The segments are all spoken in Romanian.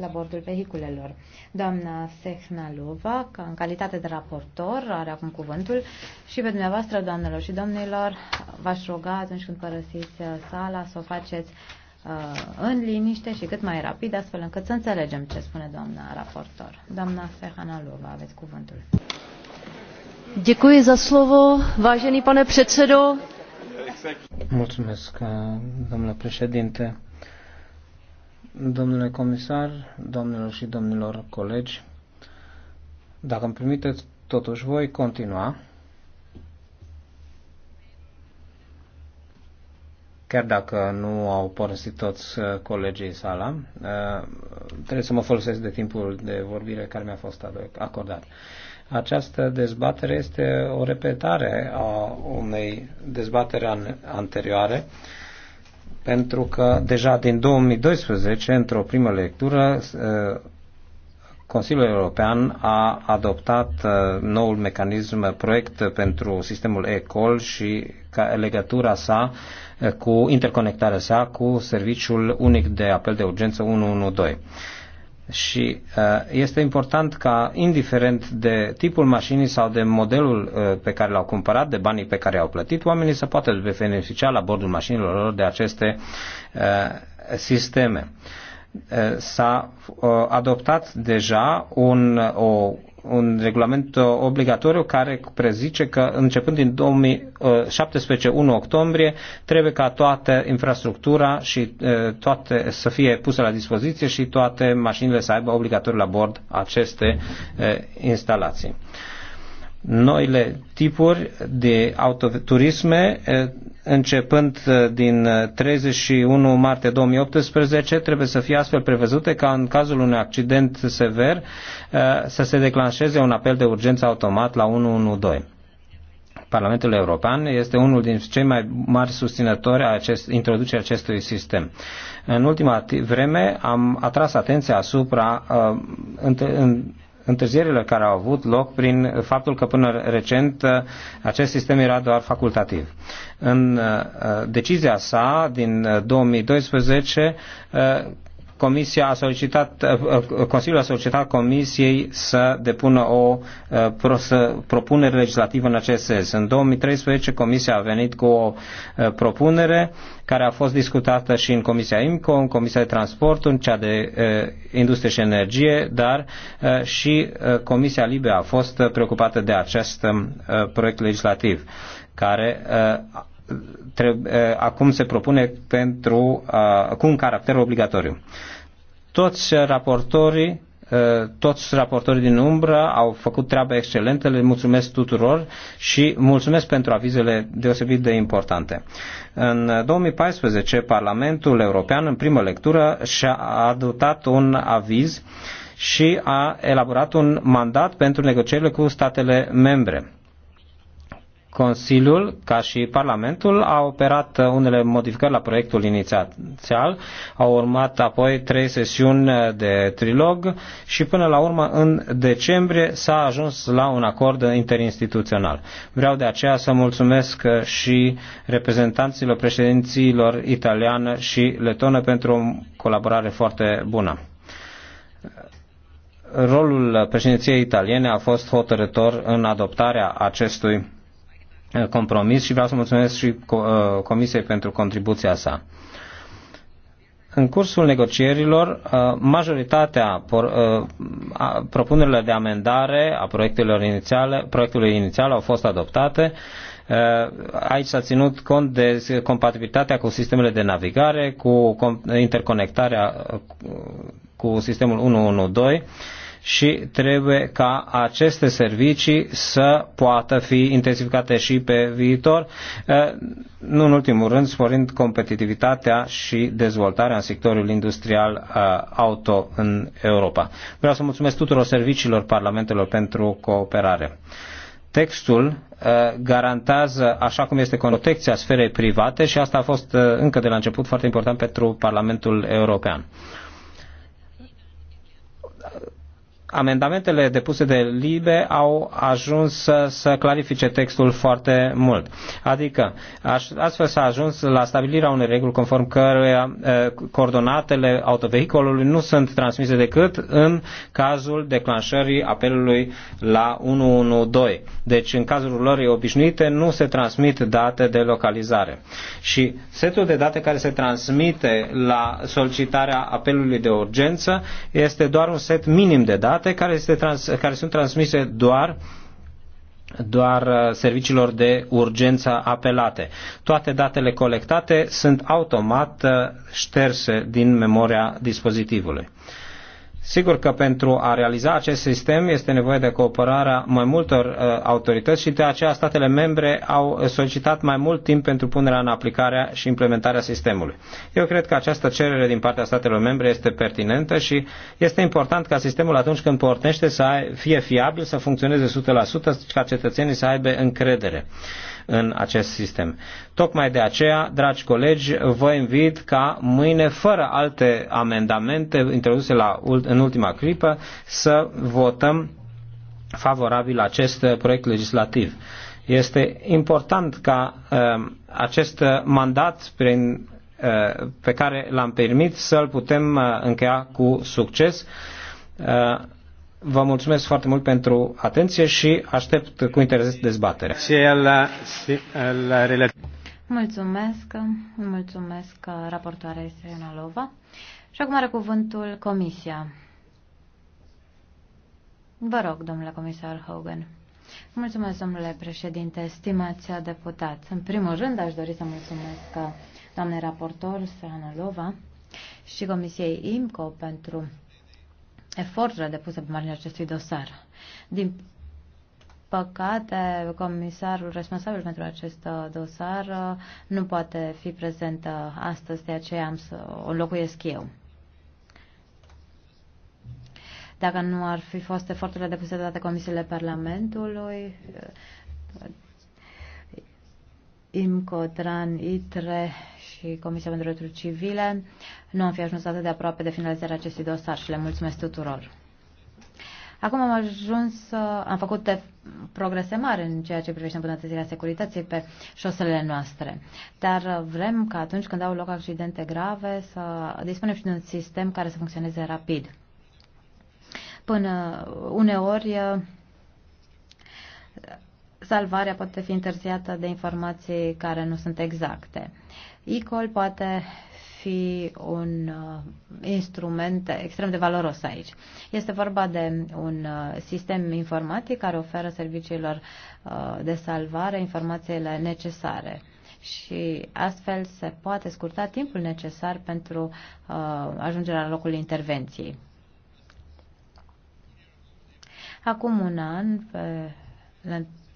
la bordul vehiculelor. Doamna Sehnalova, ca în calitate de raportor, are acum cuvântul și pe dumneavoastră, doamnelor și domnilor, v-aș ruga atunci când părăsiți uh, sala să o faceți uh, în liniște și cât mai rapid, astfel încât să înțelegem ce spune doamna raportor. Doamna Sehanalova, aveți cuvântul. Děkuji za slovo, vážený pane předsedo. Mulțumesc, uh, domnule președinte. Domnule comisar, domnilor și domnilor colegi, dacă îmi permiteți, totuși voi continua. Chiar dacă nu au părăsit toți uh, colegii sala, uh, trebuie să mă folosesc de timpul de vorbire care mi-a fost acordat. Această dezbatere este o repetare a unei dezbatere anterioare pentru că deja din 2012, într-o primă lectură, uh, Consiliul European a adoptat uh, noul mecanism uh, proiect pentru sistemul ECOL și legătura sa cu interconectarea sa cu serviciul unic de apel de urgență 112. Și uh, este important ca, indiferent de tipul mașinii sau de modelul uh, pe care l-au cumpărat, de banii pe care au plătit, oamenii să poată beneficia la bordul mașinilor lor de aceste uh, sisteme s-a adoptat deja un, o un regulament uh, obligatoriu care prezice că începând din 2017, 1 octombrie, trebuie ca toată infrastructura și uh, toate să fie puse la dispoziție și toate mașinile să aibă obligatoriu la bord aceste uh, instalații noile tipuri de autoturisme, începând din 31 martie 2018, trebuie să fie astfel prevăzute ca în cazul unui accident sever să se declanșeze un apel de urgență automat la 112. Parlamentul European este unul din cei mai mari susținători a acest, introducerii acestui sistem. În ultima vreme am atras atenția asupra uh, în, în, întârzierile care au avut loc prin faptul că până recent uh, acest sistem era doar facultativ. În uh, uh, decizia sa din 2012, Comisia a solicitat, eh, eh, Consiliul a solicitat Comisiei să depună o eh, propunere legislativă în acest sens. În 2013 Comisia a venit cu o propunere care a fost discutată și în Comisia IMCO, în Comisia de Transport, în cea de Industrie și Energie, dar și Comisia Libe a fost preocupată de acest proiect legislativ care trebuie, eh, acum se propune pentru, eh, cu un caracter obligatoriu. Toți raportorii eh, toți raportorii din umbră au făcut treaba excelentă, le mulțumesc tuturor și mulțumesc pentru avizele deosebit de importante. În 2014, Parlamentul European, în primă lectură, și-a adoptat un aviz și a elaborat un mandat pentru negocierile cu statele membre Consiliul, ca și Parlamentul, a operat unele modificări la proiectul inițial, au urmat apoi trei sesiuni de trilog și până la urmă, în decembrie, s-a ajuns la un acord interinstituțional. Vreau de aceea să mulțumesc și reprezentanților președinților italiană și letonă pentru o colaborare foarte bună rolul președinției italiene a fost hotărător în adoptarea acestui Uh, compromis și vreau să mulțumesc și uh, Comisiei pentru contribuția sa. În cursul negocierilor, uh, majoritatea propunerilor de amendare a proiectelor inițiale, proiectului inițial au fost adoptate. Aici s-a ținut cont de compatibilitatea cu sistemele de navigare, cu interconectarea cu sistemul 112 și trebuie ca aceste servicii să poată fi intensificate și pe viitor, uh, nu în ultimul rând sporind competitivitatea și dezvoltarea în sectorul industrial uh, auto în Europa. Vreau să mulțumesc tuturor serviciilor parlamentelor pentru cooperare textul uh, garantează, așa cum este protecția sferei private și asta a fost încă de la început foarte important pentru Parlamentul European. amendamentele depuse de LIBE au ajuns să, să clarifice textul foarte mult. Adică, astfel s-a ajuns la stabilirea unei reguli conform căreia coordonatele autovehicolului nu sunt transmise decât în cazul declanșării apelului la 112. Deci, în cazul lor obișnuite, nu se transmit date de localizare. Și setul de date care se transmite la solicitarea apelului de urgență este doar un set minim de date date care, este trans, care sunt transmise doar doar uh, serviciilor de urgență apelate. Toate datele colectate sunt automat uh, șterse din memoria dispozitivului. Sigur că pentru a realiza acest sistem este nevoie de cooperarea mai multor uh, autorități și de aceea statele membre au solicitat mai mult timp pentru punerea în aplicare și implementarea sistemului. Eu cred că această cerere din partea statelor membre este pertinentă și este important ca sistemul atunci când pornește să fie fiabil, să funcționeze 100%, și ca cetățenii să aibă încredere. Uh, în acest sistem. Tocmai de aceea, dragi colegi, vă invit ca mâine, fără alte amendamente introduse la, în ultima clipă, să votăm favorabil acest proiect legislativ. Este important ca uh, acest mandat prin, uh, pe care l-am permit să-l putem uh, încheia cu succes. Uh, Vă mulțumesc foarte mult pentru atenție și aștept cu interes dezbaterea. Mulțumesc, mulțumesc uh, raportoarei Lova. Și acum are cuvântul Comisia. Vă rog, domnule comisar Hogan. Mulțumesc, domnule președinte, stimați deputați. În primul rând, aș dori să mulțumesc uh, doamnei raportor Lova și Comisiei IMCO pentru eforturile depuse pe marginea acestui dosar. Din păcate, comisarul responsabil pentru acest uh, dosar uh, nu poate fi prezent astăzi, de aceea am să o locuiesc eu. Dacă nu ar fi fost eforturile depuse de toate comisiile Parlamentului, uh, IMCO, TRAN, ITRE și Comisia pentru Drepturi Civile nu am fi ajuns atât de aproape de finalizarea acestui dosar și le mulțumesc tuturor. Acum am ajuns, am făcut de progrese mari în ceea ce privește îmbunătățirea securității pe șoselele noastre. Dar vrem ca atunci când au loc accidente grave să dispunem și de un sistem care să funcționeze rapid. Până uneori salvarea poate fi întârziată de informații care nu sunt exacte. ICOL poate fi un uh, instrument extrem de valoros aici. Este vorba de un uh, sistem informatic care oferă serviciilor uh, de salvare informațiile necesare și astfel se poate scurta timpul necesar pentru ajungerea la locul intervenției. Acum un an, pe,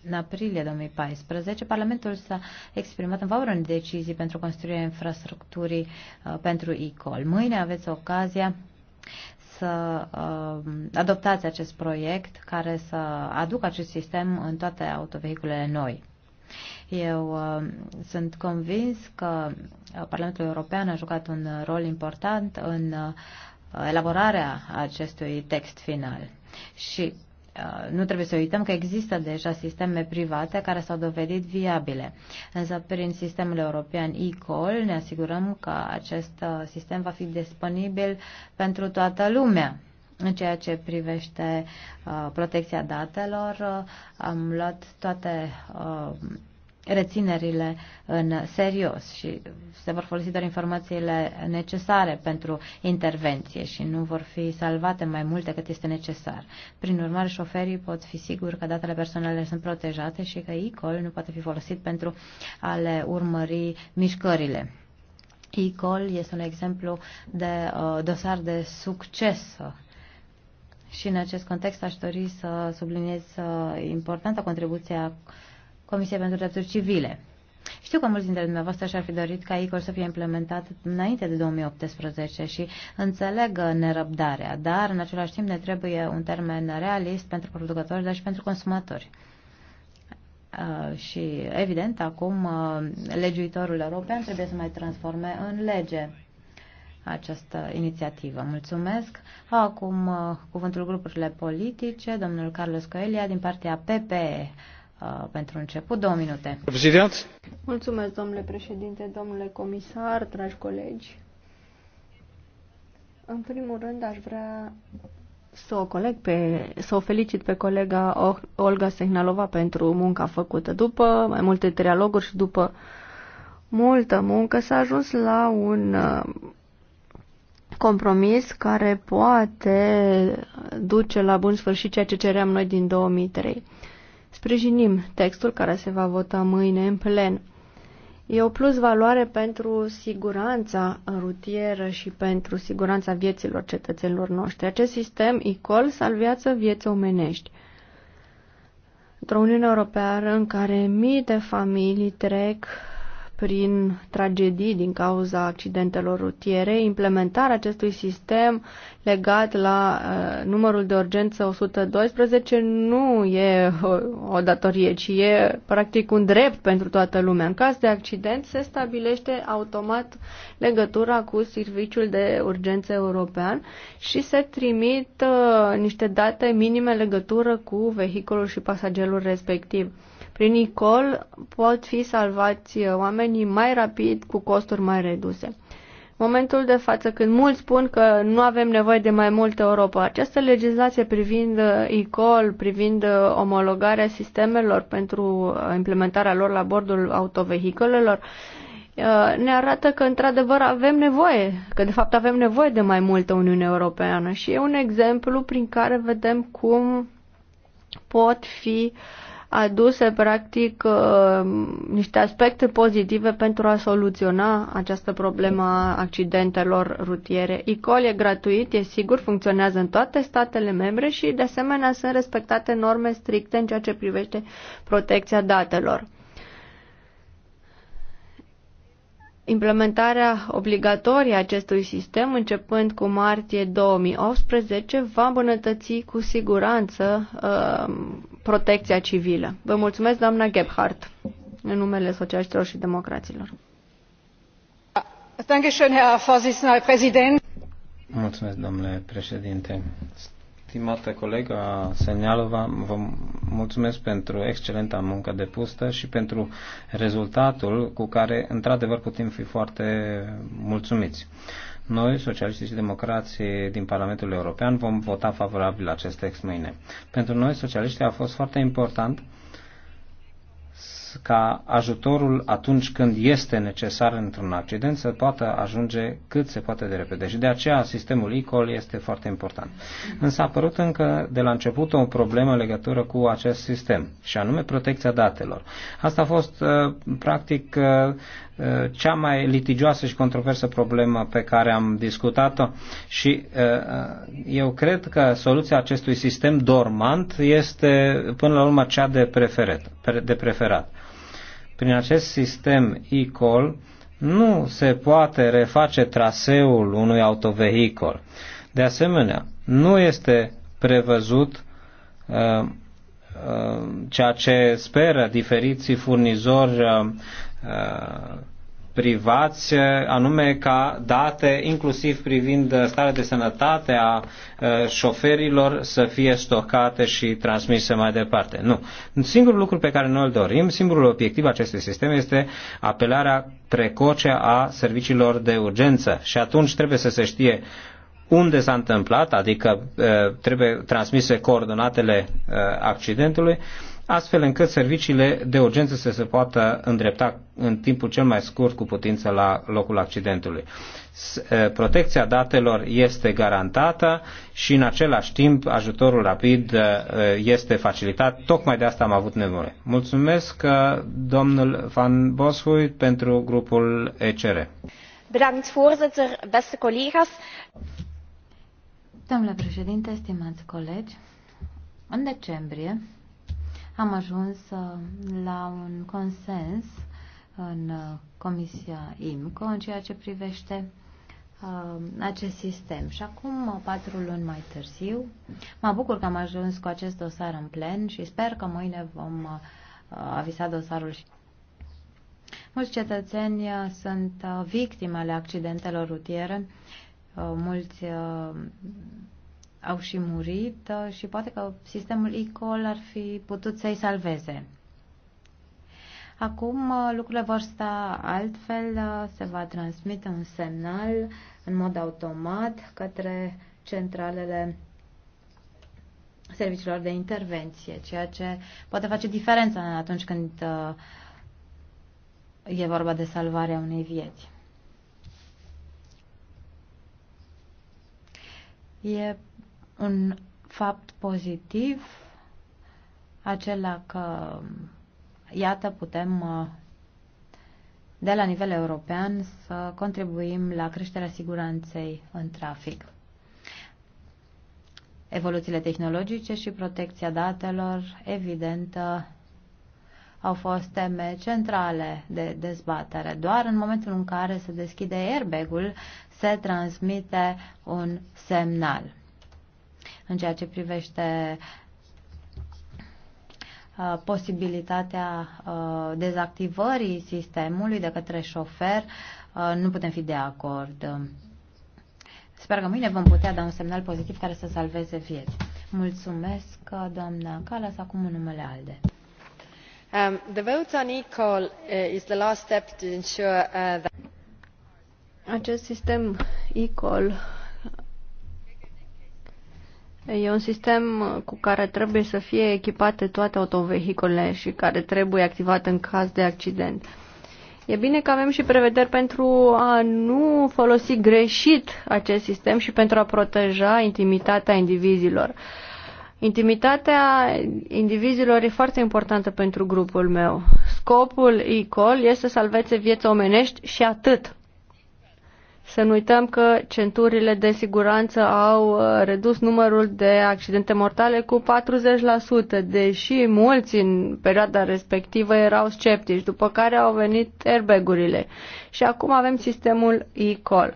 în aprilie 2014, Parlamentul s-a exprimat în favoarea unei decizii pentru construirea infrastructurii uh, pentru ICOL. Mâine aveți ocazia să uh, adoptați acest proiect care să aducă acest sistem în toate autovehiculele noi. Eu uh, sunt convins că uh, Parlamentul European a jucat un rol important în uh, elaborarea acestui text final. Și Uh, nu trebuie să uităm că există deja sisteme private care s-au dovedit viabile. Însă prin sistemul european e-call ne asigurăm că acest uh, sistem va fi disponibil pentru toată lumea. În ceea ce privește uh, protecția datelor, uh, am luat toate uh, reținerile în serios și se vor folosi doar informațiile necesare pentru intervenție și nu vor fi salvate mai mult decât este necesar. Prin urmare, șoferii pot fi siguri că datele personale sunt protejate și că e nu poate fi folosit pentru a le urmări mișcările. E-call este un exemplu de uh, dosar de succes și în acest context aș dori să subliniez uh, importanta contribuție a Comisia pentru Drepturi Civile. Știu că mulți dintre dumneavoastră și-ar fi dorit ca ICOR să fie implementat înainte de 2018 și înțeleg nerăbdarea, dar în același timp ne trebuie un termen realist pentru producători, dar și pentru consumatori. Uh, și evident, acum uh, legiuitorul european trebuie să mai transforme în lege această inițiativă. Mulțumesc. Acum uh, cuvântul grupurile politice, domnul Carlos Coelia din partea PPE. Uh, pentru început. Două minute. Prezident. Mulțumesc, domnule președinte, domnule comisar, dragi colegi. În primul rând, aș vrea să o, coleg pe, să o felicit pe colega Olga Sehnalova pentru munca făcută. După mai multe trialoguri și după multă muncă s-a ajuns la un uh, compromis care poate duce la bun sfârșit ceea ce ceream noi din 2003 sprijinim textul care se va vota mâine în plen. E o plus valoare pentru siguranța rutieră și pentru siguranța vieților cetățenilor noștri. Acest sistem ICOL salvează vieți omenești. Într-o Uniune Europeană în care mii de familii trec prin tragedii din cauza accidentelor rutiere, implementarea acestui sistem legat la uh, numărul de urgență 112 nu e o, o datorie, ci e practic un drept pentru toată lumea. În caz de accident se stabilește automat legătura cu Serviciul de Urgență European și se trimit uh, niște date minime legătură cu vehiculul și pasagerul respectiv. Prin ICOL pot fi salvați uh, oamenii mai rapid cu costuri mai reduse. Momentul de față când mulți spun că nu avem nevoie de mai multă Europa, această legislație privind uh, ICOL, privind uh, omologarea sistemelor pentru implementarea lor la bordul autovehiculelor, ne arată că într-adevăr avem nevoie, că de fapt avem nevoie de mai multă Uniune Europeană și e un exemplu prin care vedem cum pot fi uh, aduse, practic, uh, niște aspecte pozitive pentru a soluționa această problemă a accidentelor rutiere. ICOL e gratuit, e sigur, funcționează în toate statele membre și, de asemenea, sunt respectate norme stricte în ceea ce privește protecția datelor. Implementarea obligatorie a acestui sistem, începând cu martie 2018, va îmbunătăți cu siguranță uh, protecția civilă. Vă mulțumesc, doamna Gebhardt, în numele Socialiștilor și Democraților. Mulțumesc, domnule președinte. Stimată colegă Senialova, vă mulțumesc pentru excelenta muncă depusă și pentru rezultatul cu care, într-adevăr, putem fi foarte mulțumiți. Noi, socialiștii și democrații din Parlamentul European, vom vota favorabil acest text mâine. Pentru noi, socialiștii, a fost foarte important ca ajutorul atunci când este necesar într-un accident să poată ajunge cât se poate de repede. Și de aceea sistemul e este foarte important. Însă a apărut încă de la început o problemă în legătură cu acest sistem, și anume protecția datelor. Asta a fost uh, practic uh, Uh, cea mai litigioasă și controversă problemă pe care am discutat-o și uh, uh, eu cred că soluția acestui sistem dormant este până la urmă cea de, preferet, de preferat. Prin acest sistem e-call nu se poate reface traseul unui autovehicol. De asemenea, nu este prevăzut uh, ceea ce speră diferiții furnizori Uh, privați, uh, anume ca date, inclusiv privind uh, starea de sănătate a șoferilor, să fie stocate și transmise mai departe. Nu. Singurul lucru pe care noi îl dorim, singurul obiectiv acestui sistem este apelarea precoce a serviciilor de urgență și atunci trebuie să se știe unde s-a întâmplat, adică trebuie transmise coordonatele accidentului, astfel încât serviciile de urgență să se poată îndrepta în timpul cel mai scurt cu putință la locul accidentului. Protecția datelor este garantată și în același timp ajutorul rapid este facilitat. Tocmai de asta am avut nevoie. Mulțumesc domnul Van Boshui pentru grupul ECR. Bedankt, voorzitter, beste collega's. Domnule președinte, stimați colegi, în decembrie, am ajuns uh, la un consens în uh, Comisia IMCO în ceea ce privește uh, acest sistem. Și acum, patru luni mai târziu, mă bucur că am ajuns cu acest dosar în plen și sper că mâine vom avisa dosarul și Mulți cetățeni sunt ale accidentelor rutiere, mulți au și murit uh, și poate că sistemul ICOL ar fi putut să-i salveze. Acum uh, lucrurile vor sta altfel, uh, se va transmite un semnal în mod automat către centralele serviciilor de intervenție, ceea ce poate face diferența atunci când e vorba de salvarea unei vieți. E un fapt pozitiv, acela că, iată, putem uh, de la nivel european să contribuim la creșterea siguranței în trafic. Evoluțiile tehnologice și protecția datelor, evident, au fost teme centrale de dezbatere. Doar în momentul în care se deschide airbag-ul, se transmite un semnal în ceea ce privește uh, posibilitatea uh, dezactivării sistemului de către șofer, uh, nu putem fi de acord. Sper că mâine vom putea da un semnal pozitiv care să salveze vieți. Mulțumesc, doamna Calas, acum în numele ALDE. Um, the vote on eCall is the last step to ensure uh, that... Acest sistem eCall E un sistem cu care trebuie să fie echipate toate autovehiculele și care trebuie activat în caz de accident. E bine că avem și prevederi pentru a nu folosi greșit acest sistem și pentru a proteja intimitatea indivizilor. Intimitatea indivizilor e foarte importantă pentru grupul meu. Scopul e este să salveze vieți omenești și atât. Să nu uităm că centurile de siguranță au uh, redus numărul de accidente mortale cu 40%, deși mulți în perioada respectivă erau sceptici, după care au venit airbag-urile. Și acum avem sistemul e-call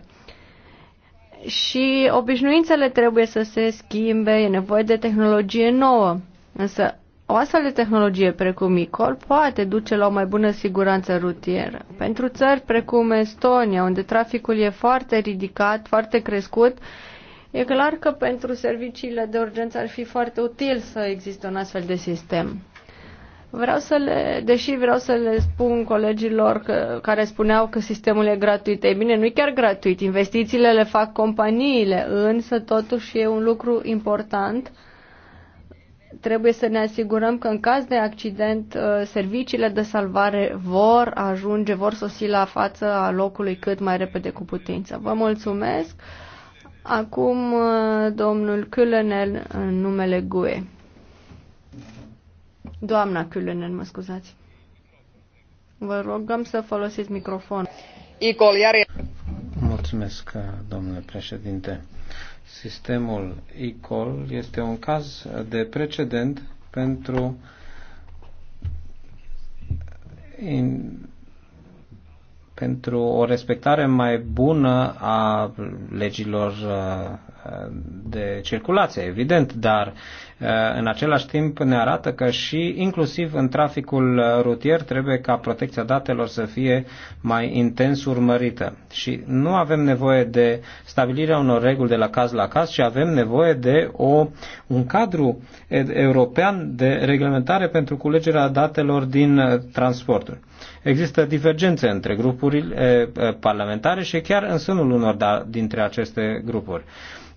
și obișnuințele trebuie să se schimbe, e nevoie de tehnologie nouă. Însă o astfel de tehnologie precum ICOL poate duce la o mai bună siguranță rutieră. Pentru țări precum Estonia, unde traficul e foarte ridicat, foarte crescut, e clar că pentru serviciile de urgență ar fi foarte util să existe un astfel de sistem. Vreau să le, deși vreau să le spun colegilor că, care spuneau că sistemul e gratuit, ei bine, nu e chiar gratuit, investițiile le fac companiile, însă totuși e un lucru important uh, trebuie să ne asigurăm că în caz de accident uh, serviciile de salvare vor ajunge, vor sosi la fața locului cât mai repede cu putință. Vă mulțumesc. Acum uh, domnul Külenel în numele GUE. Doamna Külenel, mă scuzați. Vă rogăm să folosiți microfonul. Mulțumesc, domnule președinte. Sistemul ICOL este un caz de precedent pentru in, pentru o respectare mai bună a legilor uh, de circulație, evident, dar Eh, în același timp ne arată că și inclusiv în traficul eh, rutier trebuie ca protecția datelor să fie mai intens urmărită. Și nu avem nevoie de stabilirea unor reguli de la caz la caz, ci avem nevoie de o, un cadru european de reglementare pentru culegerea datelor din eh, transporturi. Există divergențe între grupurile parlamentare și chiar în sânul unor da, dintre aceste grupuri.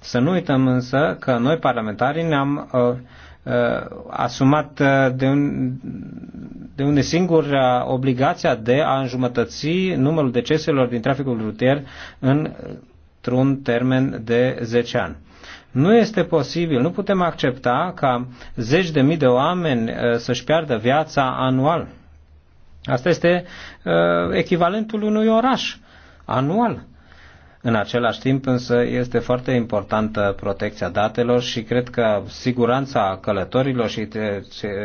Să nu uităm însă că noi parlamentarii ne-am uh, uh, asumat uh, de, un, de unde singur uh, obligația de a înjumătăți numărul deceselor din traficul rutier într-un termen de 10 ani. Nu este posibil, nu putem accepta ca zeci de mii de oameni uh, să-și piardă viața anual. Asta este uh, echivalentul unui oraș anual. În același timp însă este foarte importantă protecția datelor și cred că siguranța călătorilor și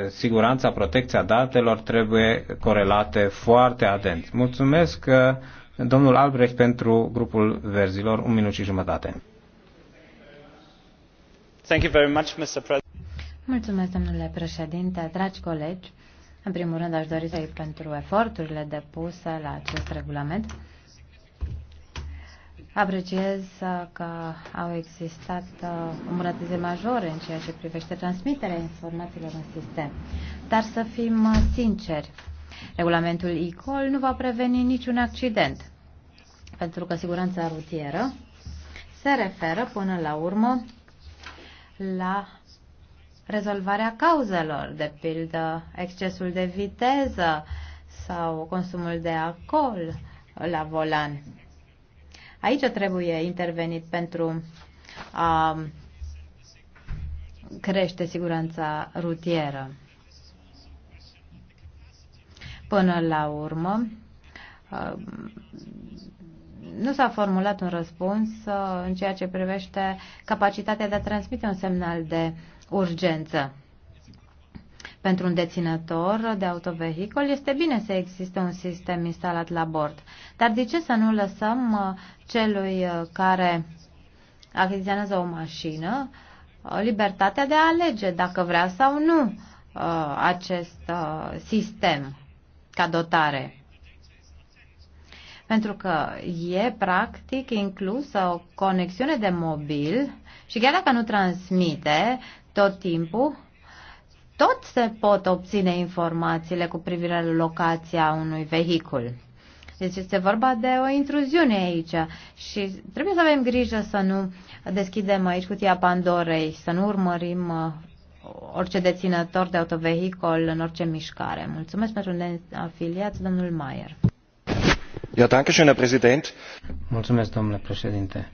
siguranța protecția datelor trebuie corelate foarte atent. Mulțumesc uh, domnul Albrecht pentru grupul verzilor, un minut și jumătate. Thank you very much, Mr. President. Mulțumesc, domnule președinte, dragi colegi. În primul rând, aș dori să-i pentru eforturile depuse la acest regulament Apreciez uh, că au existat uh, îmbunătățiri majore în ceea ce privește transmiterea informațiilor în sistem. Dar să fim uh, sinceri, regulamentul ICOL nu va preveni niciun accident, pentru că siguranța rutieră se referă până la urmă la rezolvarea cauzelor, de pildă excesul de viteză sau consumul de alcool la volan. Aici trebuie intervenit pentru a crește siguranța rutieră. Până la urmă, uh, nu s-a formulat un răspuns uh, în ceea ce privește capacitatea de a transmite un semnal de urgență. Pentru un deținător de autovehicol este bine să existe un sistem instalat la bord. Dar de ce să nu lăsăm uh, celui uh, care achiziționează o mașină uh, libertatea de a alege dacă vrea sau nu acest sistem ca dotare? pentru că e practic inclusă o conexiune de mobil și chiar dacă nu transmite tot timpul, tot se pot obține informațiile cu privire la locația unui vehicul. Deci este vorba de o intruziune aici și trebuie să avem grijă să nu deschidem aici cutia Pandorei, să nu urmărim uh, orice deținător de autovehicol în orice mișcare. Mulțumesc pentru afiliați, domnul Maier. Ja, danke schön, Herr Präsident. Mulțumesc, domnule președinte.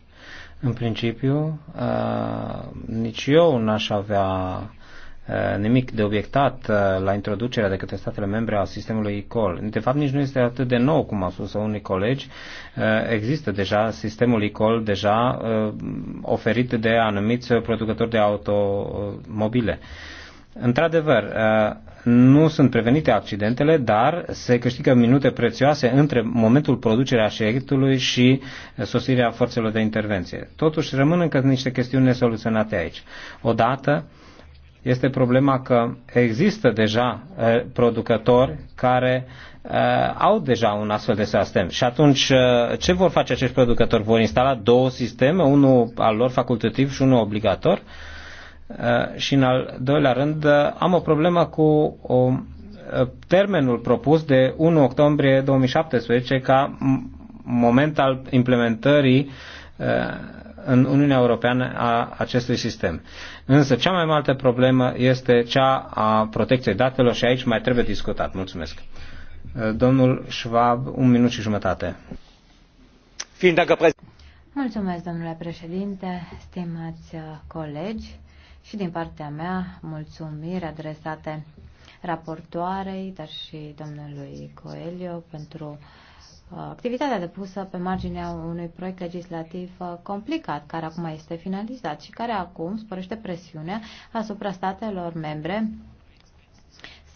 În principiu, uh, nici eu n-aș avea Eh, nimic de obiectat eh, la introducerea de către statele membre a sistemului e-call. De fapt, nici nu este atât de nou, cum au spus unii colegi. Eh, există deja sistemul e-call deja oferit de anumiți producători de automobile. Într-adevăr, nu sunt prevenite accidentele, dar se câștigă minute prețioase între momentul producerea așietului și sosirea forțelor de intervenție. Totuși, rămân încă niște chestiuni nesoluționate aici. Odată, este problema că există deja eh, producători care eh, au deja un astfel de sistem. Și atunci, eh, ce vor face acești producători? Vor instala două sisteme, unul al lor facultativ și unul obligator? Și în al doilea rând, am o problemă cu o, termenul propus de 1 octombrie 2017 ca moment al implementării în Uniunea Europeană a acestui sistem. Însă cea mai mare problemă este cea a protecției datelor și aici mai trebuie discutat. Mulțumesc. Domnul Schwab, un minut și jumătate. Mulțumesc, domnule președinte, stimați uh, colegi și din partea mea mulțumiri adresate raportoarei, dar și domnului Coelio pentru uh, Uh, activitatea depusă pe marginea unui proiect legislativ uh, complicat, care acum este finalizat și care acum sporește presiunea asupra statelor membre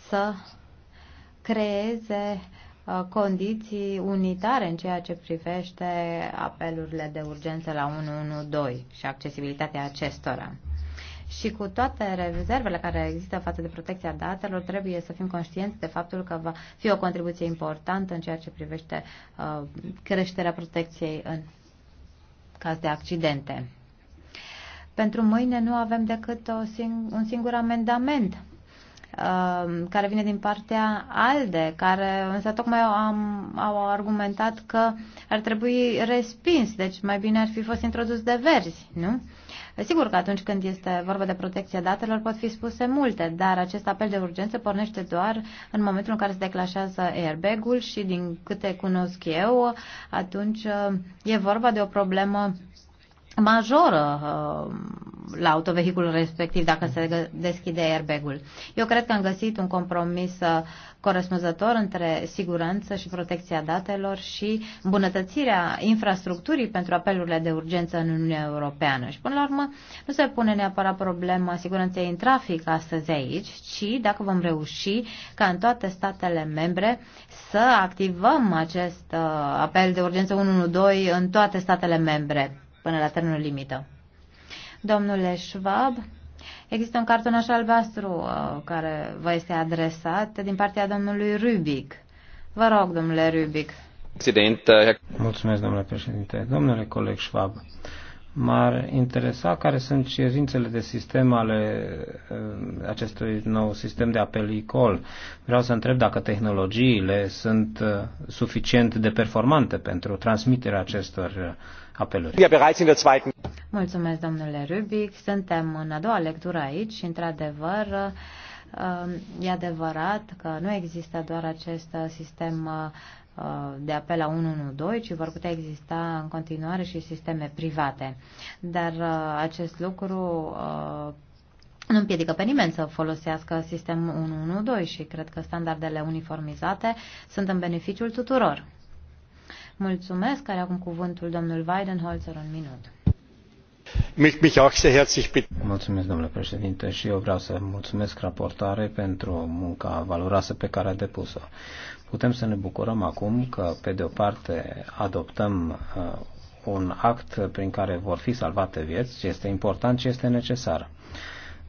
să creeze uh, condiții unitare în ceea ce privește apelurile de urgență la 112 și accesibilitatea acestora. Și cu toate rezervele care există față de protecția datelor, trebuie să fim conștienți de faptul că va fi o contribuție importantă în ceea ce privește uh, creșterea protecției în caz de accidente. Pentru mâine nu avem decât o sing- un singur amendament Um, care vine din partea ALDE, care însă tocmai am, au argumentat că ar trebui respins, deci mai bine ar fi fost introdus de verzi, nu? Sigur că atunci când este vorba de protecția datelor pot fi spuse multe, dar acest apel de urgență pornește doar în momentul în care se declașează airbag-ul și din câte cunosc eu, atunci uh, e vorba de o problemă majoră uh, la autovehiculul respectiv dacă se deschide airbag-ul. Eu cred că am găsit un compromis uh, corespunzător între siguranță și protecția datelor și îmbunătățirea infrastructurii pentru apelurile de urgență în Uniunea Europeană. Și până la urmă nu se pune neapărat problema siguranței în trafic astăzi aici, ci dacă vom reuși ca în toate statele membre să activăm acest uh, apel de urgență 112 în toate statele membre până la termenul limită. Domnule Schwab, există un cartonaș albastru uh, care vă este adresat din partea domnului Rubic. Vă rog, domnule Rubic. Mulțumesc, domnule președinte. Domnule coleg Schwab, m-ar interesa care sunt cerințele de sistem ale uh, acestui nou sistem de apel call. Vreau să întreb dacă tehnologiile sunt uh, suficient de performante pentru transmiterea acestor apeluri. Mulțumesc, domnule Rubic. Suntem în a doua lectură aici și, într-adevăr, um, e adevărat că nu există doar acest sistem uh, de apel la 112, ci vor putea exista în continuare și sisteme private. Dar uh, acest lucru uh, nu împiedică pe nimeni să folosească sistemul 112 și cred că standardele uniformizate sunt în beneficiul tuturor. Mulțumesc, Are acum cuvântul domnul Weidenholzer, un minut. Mulțumesc, domnule președinte, și eu vreau să mulțumesc raportare pentru munca valoroasă pe care a depus-o. Putem să ne bucurăm acum că, pe de o parte, adoptăm uh, un act prin care vor fi salvate vieți, ce este important, ce este necesar.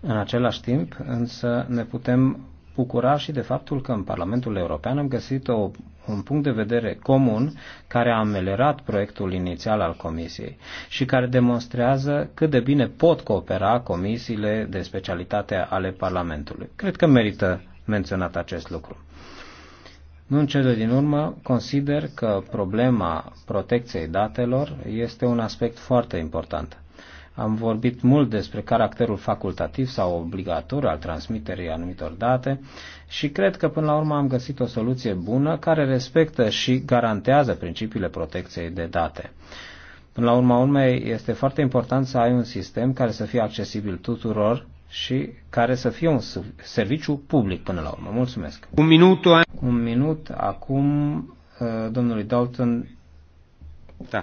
În același timp, însă, ne putem bucura și de faptul că în Parlamentul European am găsit o, un punct de vedere comun care a ameliorat proiectul inițial al Comisiei și care demonstrează cât de bine pot coopera comisiile de specialitate ale Parlamentului. Cred că merită menționat acest lucru. Nu în cele din urmă, consider că problema protecției datelor este un aspect foarte important. Am vorbit mult despre caracterul facultativ sau obligatoriu al transmiterii anumitor date și cred că până la urmă am găsit o soluție bună care respectă și garantează principiile protecției de date. Până la urma urmei, este foarte important să ai un sistem care să fie accesibil tuturor și care să fie un serviciu public până la urmă. Mulțumesc. Un minut. Eh? Un minut acum eh, domnului Dalton. Da.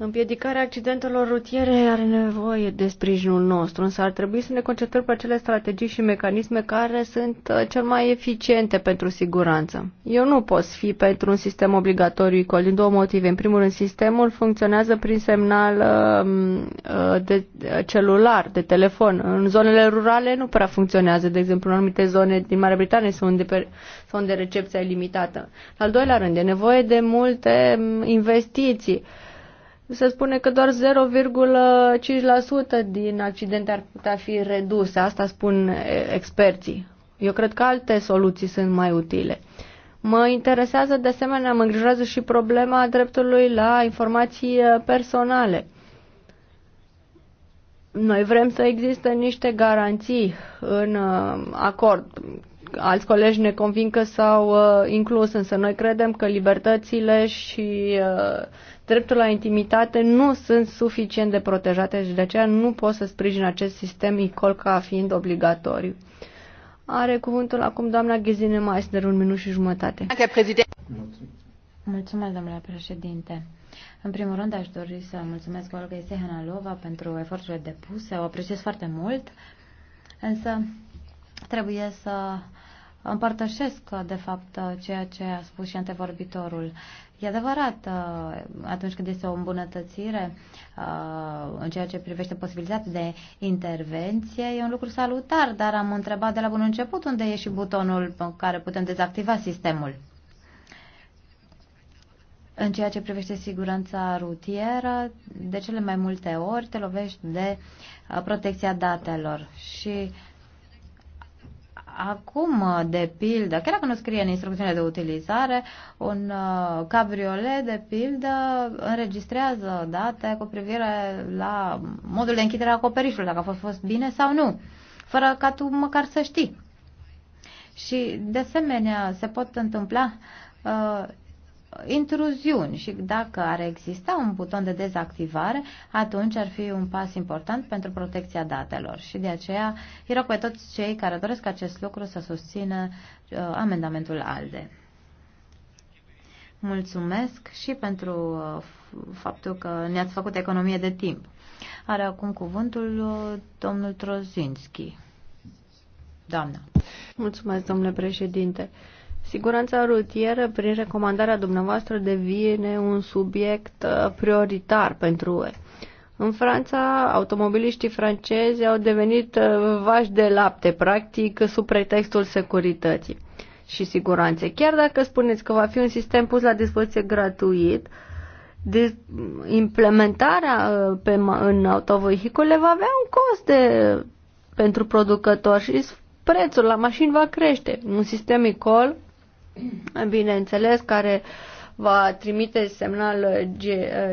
Împiedicarea accidentelor rutiere are nevoie de sprijinul nostru, însă ar trebui să ne concentrăm pe acele strategii și mecanisme care sunt uh, cel mai eficiente pentru siguranță. Eu nu pot fi pentru un sistem obligatoriu ICOL din două motive. În primul rând, sistemul funcționează prin semnal um, uh, de celular, de telefon. În zonele rurale nu prea funcționează, de exemplu, în anumite zone din Marea Britanie sunt de, pe, sunt de recepția limitată. Al doilea rând, e nevoie de multe um, investiții se spune că doar 0,5% din accidente ar putea fi reduse. Asta spun experții. Eu cred că alte soluții sunt mai utile. Mă interesează de asemenea, mă îngrijorează și problema dreptului la informații personale. Noi vrem să există niște garanții în acord. Alți colegi ne convin că s-au inclus, însă noi credem că libertățile și dreptul la intimitate nu sunt suficient de protejate și de aceea nu pot să sprijin acest sistem ICOL ca fiind obligatoriu. Are cuvântul acum doamna Ghezine Meissner, un minut și jumătate. Mulțumesc, Mulțumesc domnule președinte. În primul rând, aș dori să mulțumesc Olga Lova pentru eforturile depuse. O apreciez foarte mult, însă trebuie să împărtășesc, de fapt, ceea ce a spus și antevorbitorul. E adevărat, uh, atunci când este o îmbunătățire uh, în ceea ce privește posibilitatea de intervenție, e un lucru salutar, dar am întrebat de la bun început unde e și butonul pe care putem dezactiva sistemul. În ceea ce privește siguranța rutieră, de cele mai multe ori te lovești de uh, protecția datelor și uh, Acum, de pildă, chiar dacă nu scrie în instrucțiunile de utilizare, un uh, cabriolet, de pildă, înregistrează date cu privire la modul de închidere a acoperișului, dacă a fost bine sau nu, fără ca tu măcar să știi. Și, de asemenea, se pot întâmpla uh, intruziuni și dacă ar exista un buton de dezactivare, atunci ar fi un pas important pentru protecția datelor și de aceea îi rog pe toți cei care doresc acest lucru să susțină uh, amendamentul ALDE. Mulțumesc și pentru uh, faptul că ne-ați făcut economie de timp. Are acum cuvântul uh, domnul Trozinski. Doamna. Mulțumesc, domnule președinte. Uh, Siguranța rutieră, prin recomandarea dumneavoastră, devine un subiect uh, prioritar pentru UE. În Franța, automobiliștii francezi au devenit uh, vași de lapte, practic, sub pretextul securității și siguranței. Chiar dacă spuneți că va fi un sistem pus la dispoziție gratuit, de implementarea uh, pe, în autovehicule va avea un cost de, pentru producător și prețul la mașini va crește. Un sistem e bineînțeles, care va trimite semnal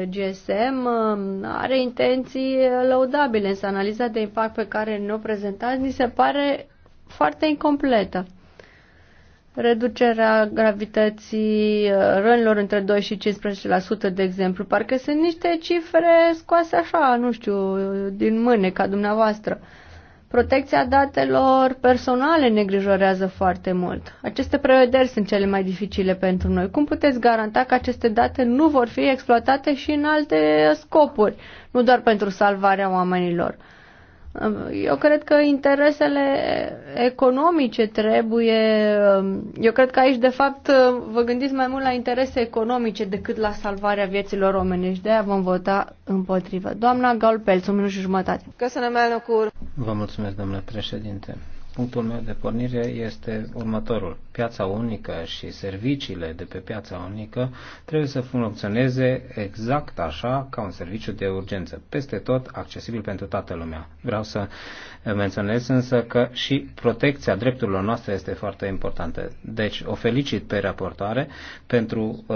GSM, are intenții lăudabile, însă analiza de impact pe care ne-o prezentați ni se pare foarte incompletă. Reducerea gravității uh, rănilor între 2 și 15%, de exemplu, parcă sunt niște cifre scoase așa, nu știu, din mâine, ca dumneavoastră. Uh, Protecția datelor personale ne îngrijorează foarte mult. Aceste prevederi sunt cele mai dificile pentru noi. Cum puteți garanta că aceste date nu vor fi exploatate și în alte scopuri, nu doar pentru salvarea oamenilor? Eu cred că interesele economice trebuie. Eu cred că aici, de fapt, vă gândiți mai mult la interese economice decât la salvarea vieților omenești. De aia vom vota împotrivă. Doamna Galpel, un minut și jumătate. Vă mulțumesc, domnule președinte. Punctul meu de pornire este următorul. Piața unică și serviciile de pe piața unică trebuie să funcționeze exact așa ca un serviciu de urgență, peste tot accesibil pentru toată lumea. Vreau să menționez însă că și protecția drepturilor noastre este foarte importantă. Deci o felicit pe raportoare pentru uh,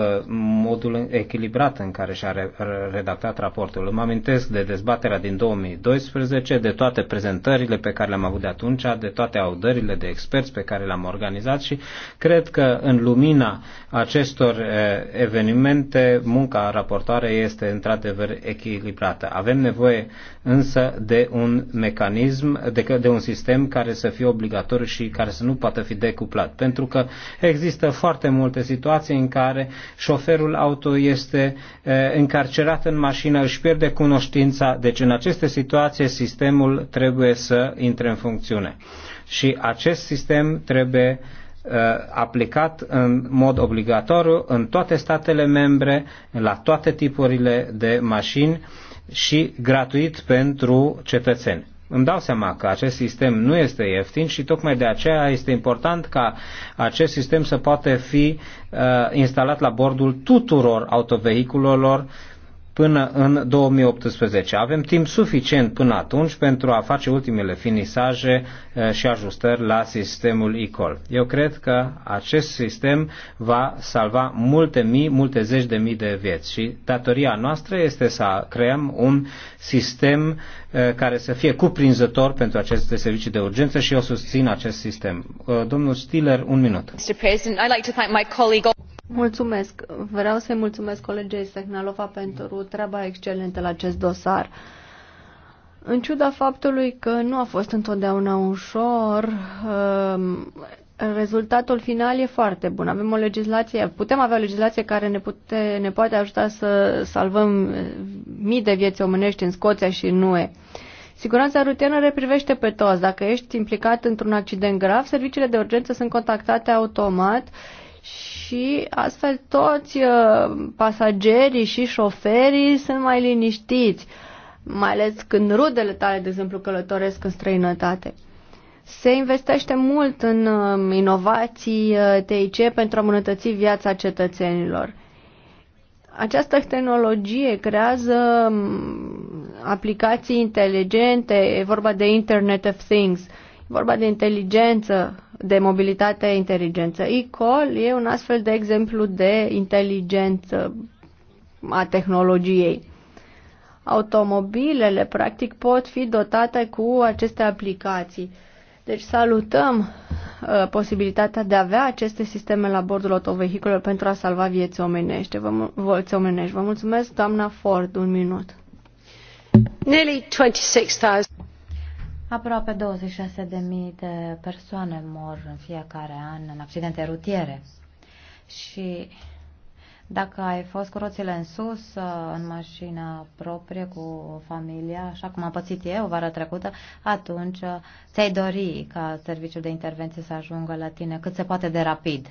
modul echilibrat în care și-a re- redactat raportul. Îmi amintesc de dezbaterea din 2012, de toate prezentările pe care le-am avut de atunci, de toate audările de experți pe care le-am organizat și cred că în lumina acestor uh, evenimente munca raportoare este într-adevăr echilibrată. Avem nevoie însă de un mecanism, de, de un sistem care să fie obligatoriu și care să nu poată fi decuplat. Pentru că există foarte multe situații în care șoferul auto este e, încarcerat în mașină, își pierde cunoștința, deci în aceste situații sistemul trebuie să intre în funcțiune. Și acest sistem trebuie aplicat în mod obligatoriu în toate statele membre, la toate tipurile de mașini, și gratuit pentru cetățeni. Îmi dau seama că acest sistem nu este ieftin și tocmai de aceea este important ca acest sistem să poată fi uh, instalat la bordul tuturor autovehiculelor până în 2018. Avem timp suficient până atunci pentru a face ultimele finisaje eh, și ajustări la sistemul ICOL. Eu cred că acest sistem va salva multe mii, multe zeci de mii de vieți și datoria noastră este să creăm un sistem eh, care să fie cuprinzător pentru aceste servicii de urgență și eu susțin acest sistem. Eh, domnul Stiller, un minut. Mulțumesc. Vreau să-i mulțumesc colegei Sehnalova pentru treaba excelentă la acest dosar. În ciuda faptului că nu a fost întotdeauna ușor, um, rezultatul final e foarte bun. Avem o legislație, putem avea o legislație care ne, pute, ne poate ajuta să salvăm uh, mii de vieți omenești în Scoția și în UE. Siguranța rutieră reprivește pe toți. Dacă ești implicat într-un accident grav, serviciile de urgență sunt contactate automat și astfel toți uh, pasagerii și șoferii sunt mai liniștiți, mai ales când rudele tale, de exemplu, călătoresc în străinătate. Se investește mult în uh, inovații uh, TIC pentru a îmbunătăți viața cetățenilor. Această tehnologie creează um, aplicații inteligente, e vorba de Internet of Things, e vorba de inteligență de mobilitate inteligență. E-call e un astfel de exemplu de inteligență a tehnologiei. Automobilele, practic, pot fi dotate cu aceste aplicații. Deci salutăm uh, posibilitatea de a avea aceste sisteme la bordul autovehiculelor pentru a salva vieți omenești. Vă, vieți omenești. Vă mulțumesc, doamna Ford, un minut. Nearly 26,000 Aproape 26.000 de persoane mor în fiecare an în accidente rutiere. Și dacă ai fost cu roțile în sus, uh, în mașina proprie, cu familia, așa cum am pățit eu vara trecută, atunci uh, ți-ai dori ca serviciul de intervenție să ajungă la tine cât se poate de rapid.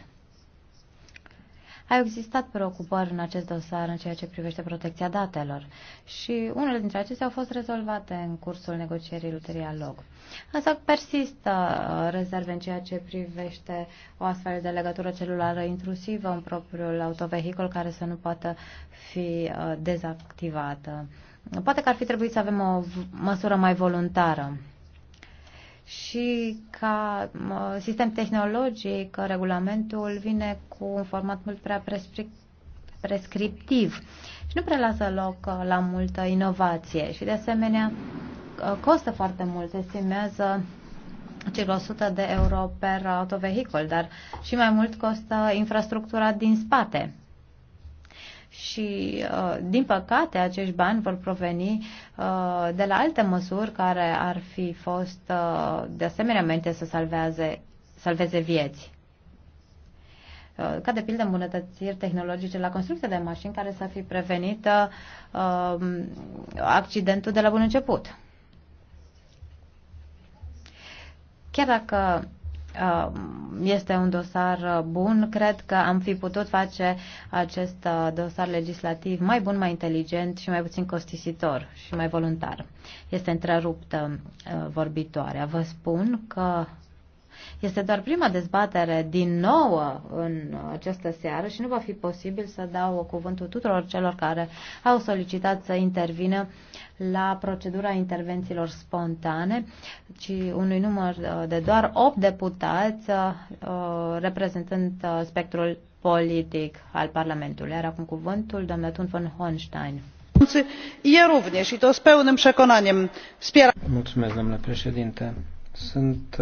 Au existat preocupări în acest dosar în ceea ce privește protecția datelor și unele dintre acestea au fost rezolvate în cursul negocierilor trialog. Însă persistă uh, rezerve în ceea ce privește o astfel de legătură celulară intrusivă în propriul autovehicul care să nu poată fi uh, dezactivată. Poate că ar fi trebuit să avem o măsură mai voluntară și ca sistem tehnologic, regulamentul vine cu un format mult prea prescriptiv și nu prea lasă loc uh, la multă inovație și de asemenea uh, costă foarte mult, estimează circa 100 de euro per autovehicul, dar și mai mult costă infrastructura din spate, și, uh, din păcate, acești bani vor proveni uh, de la alte măsuri care ar fi fost, uh, de asemenea, mente să salveze, salveze vieți. Ca de pildă îmbunătățiri tehnologice la construcția de mașini care să fi prevenit um, accidentul de la bun început. Chiar dacă Um, este un dosar uh, bun. Cred că am fi putut face acest uh, dosar legislativ mai bun, mai inteligent și mai puțin costisitor și mai voluntar. Este întreruptă uh, vorbitoarea. Vă spun că este doar prima dezbatere din nouă în această seară și nu va fi posibil să dau cuvântul tuturor celor care au solicitat să intervină la procedura intervențiilor spontane, ci unui număr uh, de doar 8 deputați uh, reprezentând uh, spectrul politic al Parlamentului. Iar acum cuvântul doamna Tun von Mulțumesc, domnule președinte sunt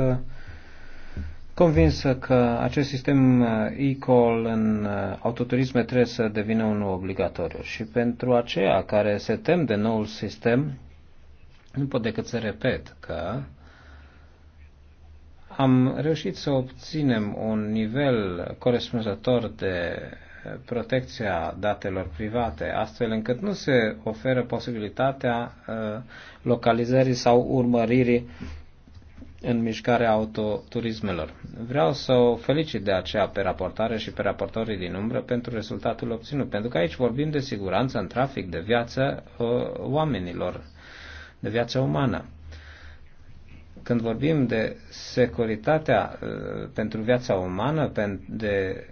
convinsă că acest sistem uh, e-call în uh, autoturisme trebuie să devină unul obligatoriu și pentru aceia care se tem de noul sistem, nu pot decât să repet că am reușit să obținem un nivel corespunzător de protecția datelor private, astfel încât nu se oferă posibilitatea uh, localizării sau urmăririi în mișcarea autoturismelor. Vreau să o felicit de aceea pe raportare și pe raportorii din umbră pentru rezultatul obținut, pentru că aici vorbim de siguranță în trafic, de viață uh, oamenilor, de viață umană. Când vorbim de securitatea uh, pentru viața umană, de,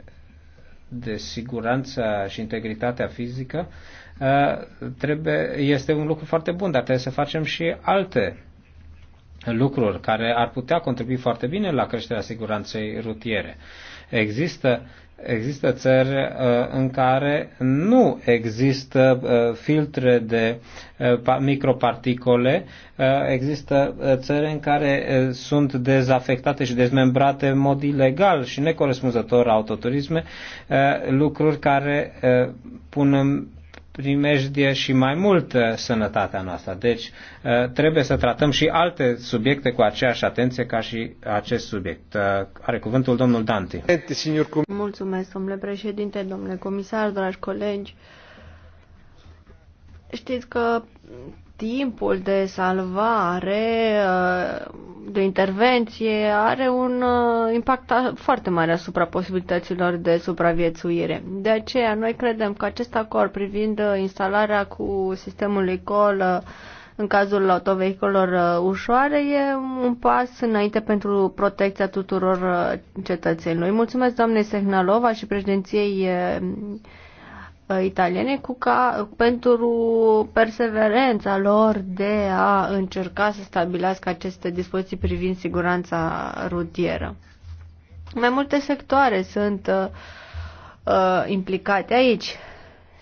de siguranța și integritatea fizică, uh, trebuie, este un lucru foarte bun, dar trebuie să facem și alte lucruri care ar putea contribui foarte bine la creșterea siguranței rutiere. Există, există țări uh, în care nu există uh, filtre de uh, microparticole, uh, există uh, țări în care uh, sunt dezafectate și dezmembrate în mod ilegal și necorespunzător autoturisme, uh, lucruri care uh, pun în primejdie și mai mult sănătatea noastră. Deci uh, trebuie să tratăm și alte subiecte cu aceeași atenție ca și acest subiect. Uh, are cuvântul domnul Danti. Mulțumesc, domnule președinte, domnule comisar, dragi colegi. Știți că timpul de salvare, uh, de intervenție, are un uh, impact foarte mare asupra posibilităților de supraviețuire. De aceea, noi credem că acest acord privind uh, instalarea cu sistemul ECOL în cazul autovehicolor ușoare e un pas înainte pentru protecția tuturor cetățenilor. Mulțumesc doamnei Sehnalova și președinției Uh, italiene cu ca, pentru perseverența lor de a încerca să stabilească aceste dispoziții privind siguranța rutieră. Mai multe sectoare sunt uh, uh implicate aici.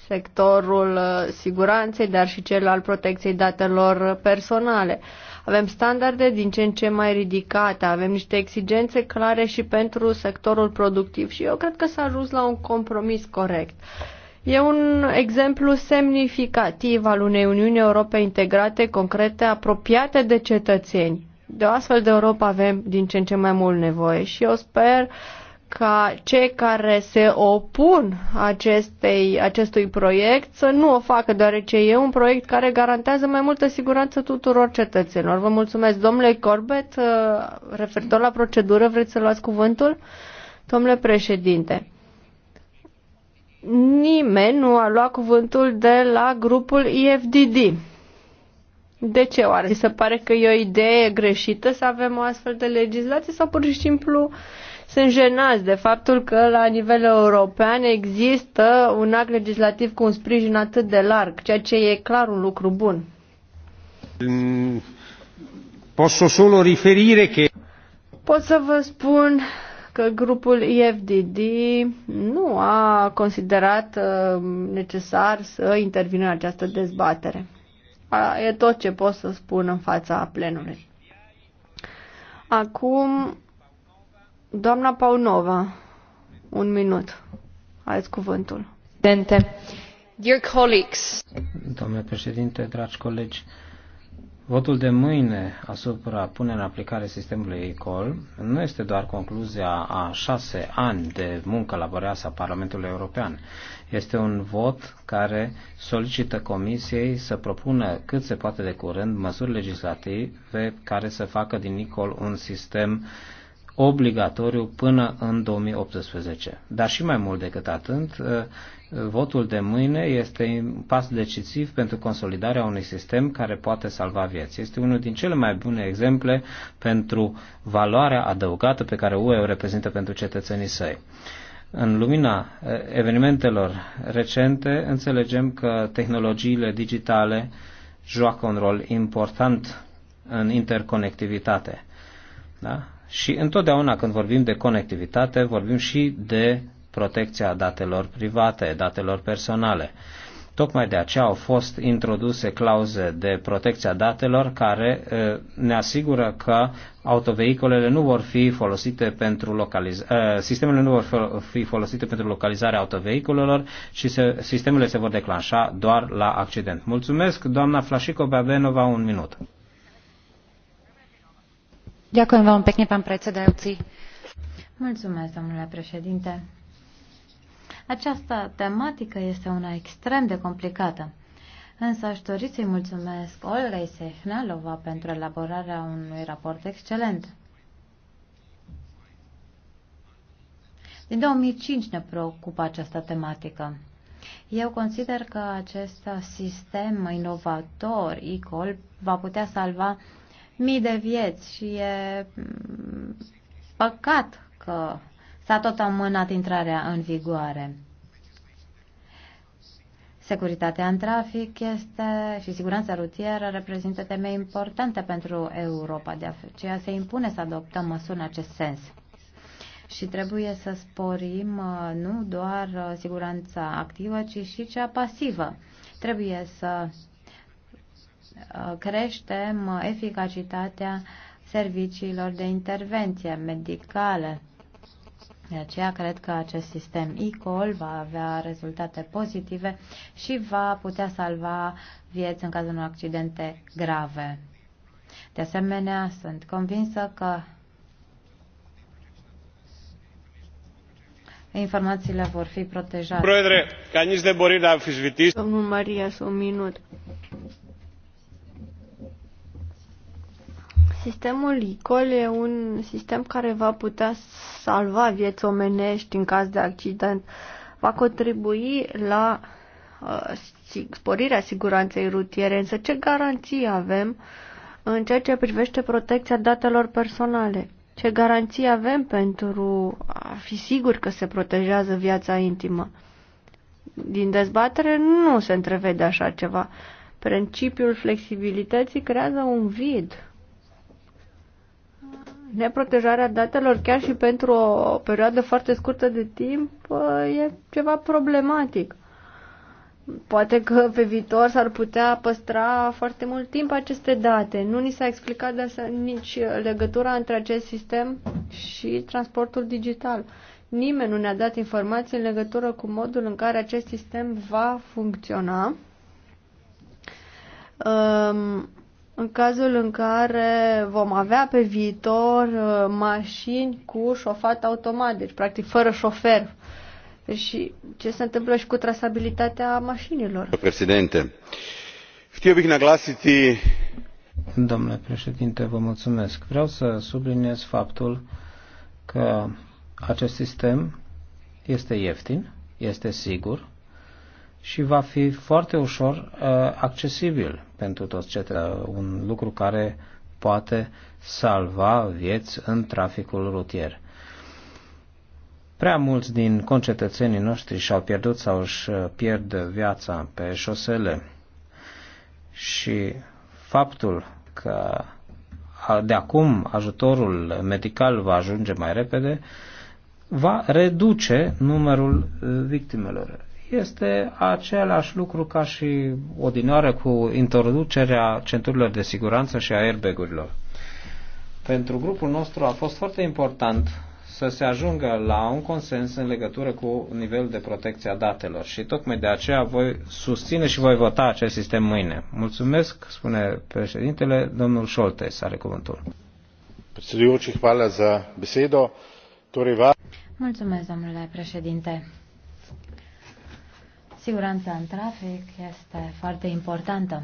Sectorul uh, siguranței, dar și cel al protecției datelor personale. Avem standarde din ce în ce mai ridicate, avem niște exigențe clare și pentru sectorul productiv și eu cred că s-a ajuns la un compromis corect. Uh, E un exemplu semnificativ al unei Uniuni Europe integrate, concrete, apropiate de cetățeni. De o astfel de Europa avem din ce în ce mai mult nevoie și eu sper ca cei care se opun acestei, acestui proiect să nu o facă, deoarece e un proiect care garantează mai multă siguranță tuturor cetățenilor. Vă mulțumesc, domnule Corbett, uh, referitor la procedură, vreți să luați cuvântul? Domnule președinte, nimeni nu a luat cuvântul de la grupul IFDD. De ce oare? se pare că e o idee greșită să avem o astfel de legislație sau pur și simplu sunt jenați de faptul că la nivel european există un act legislativ cu un sprijin atât de larg, ceea ce e clar un lucru bun. Posso solo riferire che... Pot să vă spun că grupul IFDD nu a considerat uh, necesar să intervină în această dezbatere. E tot ce pot să spun în fața plenului. Acum, doamna Paunova, un minut. Aveți cuvântul. Dente. Dear colleagues. Domnule președinte, dragi colegi, Votul de mâine asupra punerea în aplicare sistemului ECOL nu este doar concluzia a șase ani de muncă laboreasă a Parlamentului European. Este un vot care solicită Comisiei să propună cât se poate de curând măsuri legislative care să facă din ECOL un sistem uh, obligatoriu până în 2018. Dar și mai mult decât atât, uh, votul de mâine este un pas decisiv pentru consolidarea unui sistem care poate salva vieți. Este unul din cele mai bune exemple pentru valoarea adăugată pe care UE o reprezintă pentru cetățenii săi. În lumina uh, evenimentelor recente, înțelegem că tehnologiile digitale joacă un rol important în interconectivitate. Da? Și întotdeauna când vorbim de conectivitate, vorbim și de protecția datelor private, datelor personale. Tocmai de aceea au fost introduse clauze de protecția datelor care ne asigură că autovehicolele nu vor fi folosite pentru localizare, sistemele nu vor fi folosite pentru localizarea autovehiculelor și se, sistemele se vor declanșa doar la accident. Mulțumesc, doamna Flașico Babenova, un minut. Mulțumesc, domnule președinte. Această tematică este una extrem de complicată. Însă aș dori să-i mulțumesc Olgai Sehnalova pentru elaborarea unui raport excelent. Din 2005 ne preocupă această tematică. Eu consider că acest sistem inovator, ICOL, va putea salva mii de vieți și e mm, păcat că s-a tot amânat intrarea în vigoare. Securitatea în trafic este și siguranța rutieră reprezintă teme importante pentru Europa, de aceea se impune să adoptăm măsuri în acest sens. Și trebuie să sporim uh, nu doar uh, siguranța activă, ci și cea pasivă. Trebuie să Uh, creștem eficacitatea serviciilor de intervenție medicale. De aceea cred că acest sistem ICOL va avea rezultate pozitive și va putea salva vieți în cazul unor accidente grave. De asemenea, sunt convinsă că informațiile vor fi protejate. Domnul Maria, un minut. Sistemul ICOL e un sistem care va putea salva vieți omenești în caz de accident. Va contribui la uh, sporirea siguranței rutiere, însă ce garanții avem în ceea ce privește protecția datelor personale? Ce garanții avem pentru a fi sigur că se protejează viața intimă? Din dezbatere nu se întrevede așa ceva. Principiul flexibilității creează un vid neprotejarea datelor chiar și pentru o perioadă foarte scurtă de timp uh, e ceva problematic. Poate că pe viitor s-ar putea păstra foarte mult timp aceste date. Nu ni s-a explicat de asta nici legătura între acest sistem și transportul digital. Nimeni nu ne-a dat informații în legătură cu modul în care acest sistem va funcționa. Um, în cazul în care vom avea pe viitor uh, mașini cu șofat automat, deci practic fără șofer. Și ce se întâmplă și cu trasabilitatea mașinilor? Președinte, știu bine glasiti. Domnule președinte, vă mulțumesc. Vreau să subliniez faptul că acest sistem este ieftin, este sigur și va fi foarte ușor uh, accesibil pentru toți cetele, un lucru care poate salva vieți în traficul rutier. Prea mulți din concetățenii noștri și-au pierdut sau își pierd viața pe șosele și faptul că de acum ajutorul medical va ajunge mai repede, va reduce numărul victimelor este același lucru ca și odinioară cu introducerea centurilor de siguranță și a airbag-urilor. Pentru grupul nostru a fost foarte important să se ajungă la un consens în legătură cu nivelul de protecție a datelor și tocmai de aceea voi susține și voi vota acest sistem mâine. Mulțumesc, spune președintele, domnul Șoltes are cuvântul. Mulțumesc, domnule președinte. Siguranța în trafic este foarte importantă.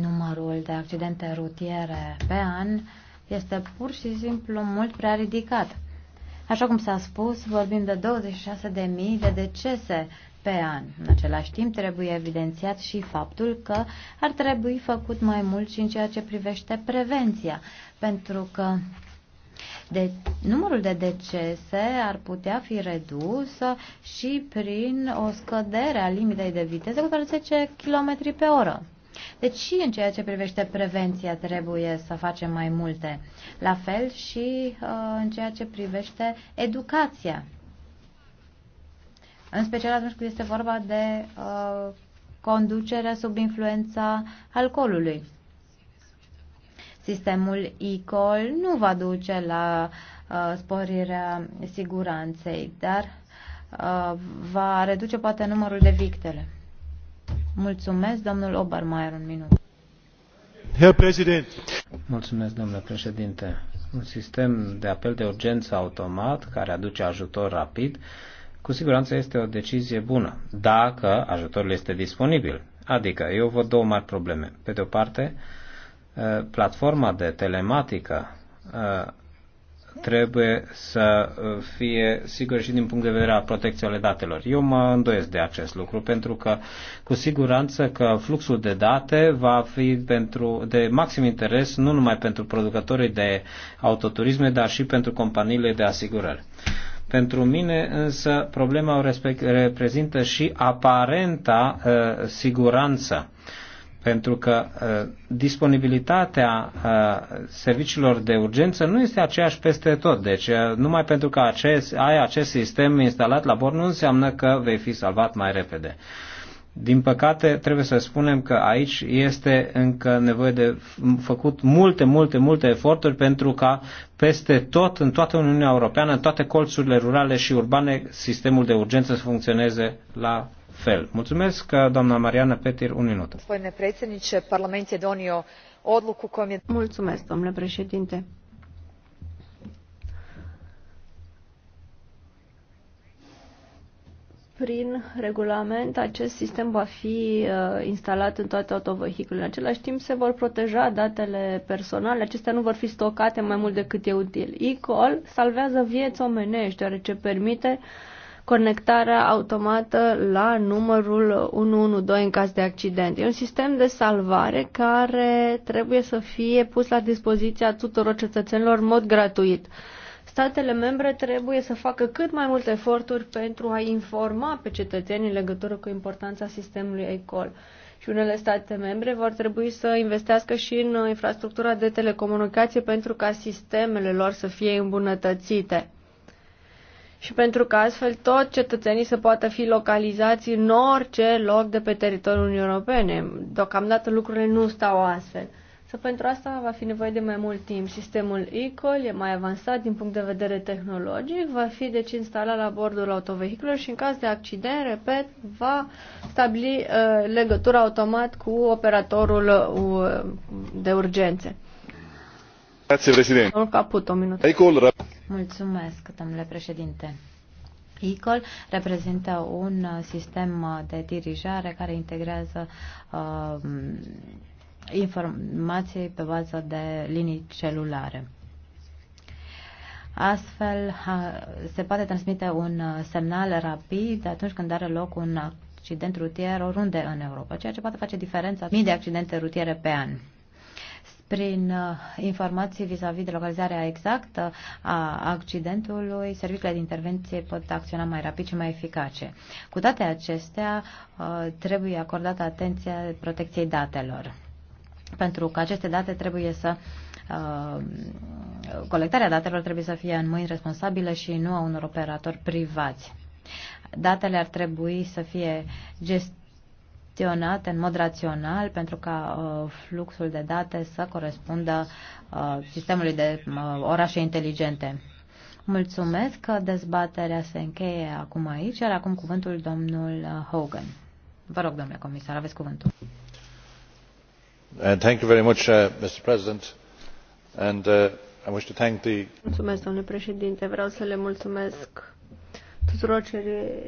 Numărul de accidente rutiere pe an este pur și simplu mult prea ridicat. Așa cum s-a spus, vorbim de 26.000 de decese pe an. În același timp, trebuie evidențiat și faptul că ar trebui făcut mai mult și în ceea ce privește prevenția, pentru că de, numărul de decese ar putea fi redus și prin o scădere a limitei de viteză cu 10 km pe oră. Deci și în ceea ce privește prevenția trebuie să facem mai multe. La fel și uh, în ceea ce privește educația. În special atunci când este vorba de uh, conducerea sub influența alcoolului sistemul e-call nu va duce la uh, sporirea siguranței, dar uh, va reduce poate numărul de victime. Mulțumesc, domnul Obermeier, un minut. Herr Präsident. Mulțumesc, domnule președinte. Un sistem de apel de urgență automat care aduce ajutor rapid, cu siguranță este o decizie bună, dacă ajutorul este disponibil. Adică, eu văd două mari probleme. Pe de o parte, uh, Eh, platforma de telematică eh, trebuie să fie sigur și din punct de vedere al protecției datelor. Eu mă îndoiesc de acest lucru pentru că cu siguranță că fluxul de date va fi pentru, de maxim interes nu numai pentru producătorii de autoturisme, dar și pentru companiile de asigurări. Pentru mine însă problema o reprezintă și aparenta uh, siguranță. Uh, pentru că uh, disponibilitatea uh, serviciilor de urgență nu este aceeași peste tot. Deci, uh, numai pentru că acest, ai acest sistem instalat la bord nu înseamnă că vei fi salvat mai repede. Din păcate, trebuie să spunem că aici este încă nevoie de făcut multe, multe, multe eforturi pentru ca peste tot, în toată Uniunea Europeană, în toate colțurile rurale și urbane, sistemul de urgență să funcționeze la fel. Mulțumesc, doamna Mariana Petir, un minut. Gospodine predsjedniče, parlament je donio odluku kojom je... Mulțumesc, domnule președinte. prin regulament acest sistem va fi uh, instalat în toate autovehiculele. În același timp se vor proteja datele personale, acestea nu vor fi stocate mai mult decât e util. E-call salvează vieți omenești, deoarece permite uh, conectarea automată la numărul 112 în caz de accident. E un sistem de salvare care trebuie să fie pus la dispoziția tuturor cetățenilor în mod gratuit. Statele membre trebuie să facă cât mai multe eforturi pentru a informa pe cetățenii în legătură cu importanța sistemului ECOL și unele state membre vor trebui să investească și în infrastructura de telecomunicație pentru ca sistemele lor să fie îmbunătățite și pentru că astfel toți cetățenii să poată fi localizați în orice loc de pe teritoriul Uniunii Europene. Deocamdată lucrurile nu stau astfel. Să pentru asta va fi nevoie de mai mult timp. Sistemul ECOL e mai avansat din punct de vedere tehnologic, va fi deci instalat la bordul autovehiculului și în caz de accident, repet, va stabili uh, legătura automat cu operatorul uh, de urgențe. Grazie, Presidente. Domnul Caputo, un minut. Mulțumesc, domnule președinte. ICOL reprezintă un uh, sistem uh, de dirijare care integrează uh, informații pe bază de linii celulare. Astfel, se poate transmite un uh, semnal rapid atunci când are loc un accident rutier oriunde în Europa, ceea ce poate face diferența mii de accidente rutiere pe an prin uh, informații vis-a-vis -vis de localizarea exactă a accidentului, serviciile de intervenție pot acționa mai rapid și mai eficace. Cu toate acestea, uh, trebuie acordată atenția protecției datelor, pentru că aceste date trebuie să uh, colectarea datelor trebuie să fie în mâini responsabile și nu a unor operatori privați. Datele ar trebui să fie gestionate gestionate în mod rațional pentru ca uh, fluxul de date să corespundă uh, sistemului de uh, orașe inteligente. Mulțumesc că dezbaterea se încheie acum aici, iar acum cuvântul domnul uh, Hogan. Vă rog, domnule comisar, aveți cuvântul. And uh, thank you very much, uh, Mr. President. And uh, I wish to thank the... Mulțumesc, domnule președinte. Vreau să le mulțumesc tuturor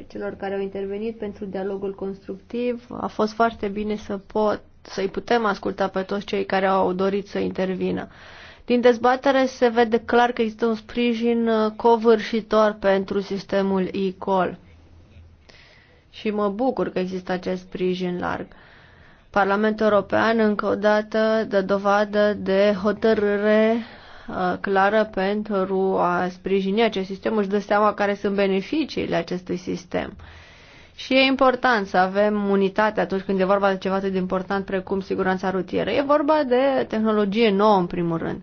celor care au intervenit pentru dialogul constructiv. A fost foarte bine să pot, să-i putem asculta pe toți cei care au dorit să intervină. Din dezbatere se vede clar că există un sprijin uh, covârșitor pentru sistemul e-call. Și mă bucur că există acest sprijin larg. Parlamentul European încă o dată dă dovadă de hotărâre Uh, clară pentru a sprijini acest sistem, își dă seama care sunt beneficiile acestui sistem. Și e important să avem unitate atunci când e vorba de ceva atât de important precum siguranța rutieră. E vorba de tehnologie nouă, în primul rând.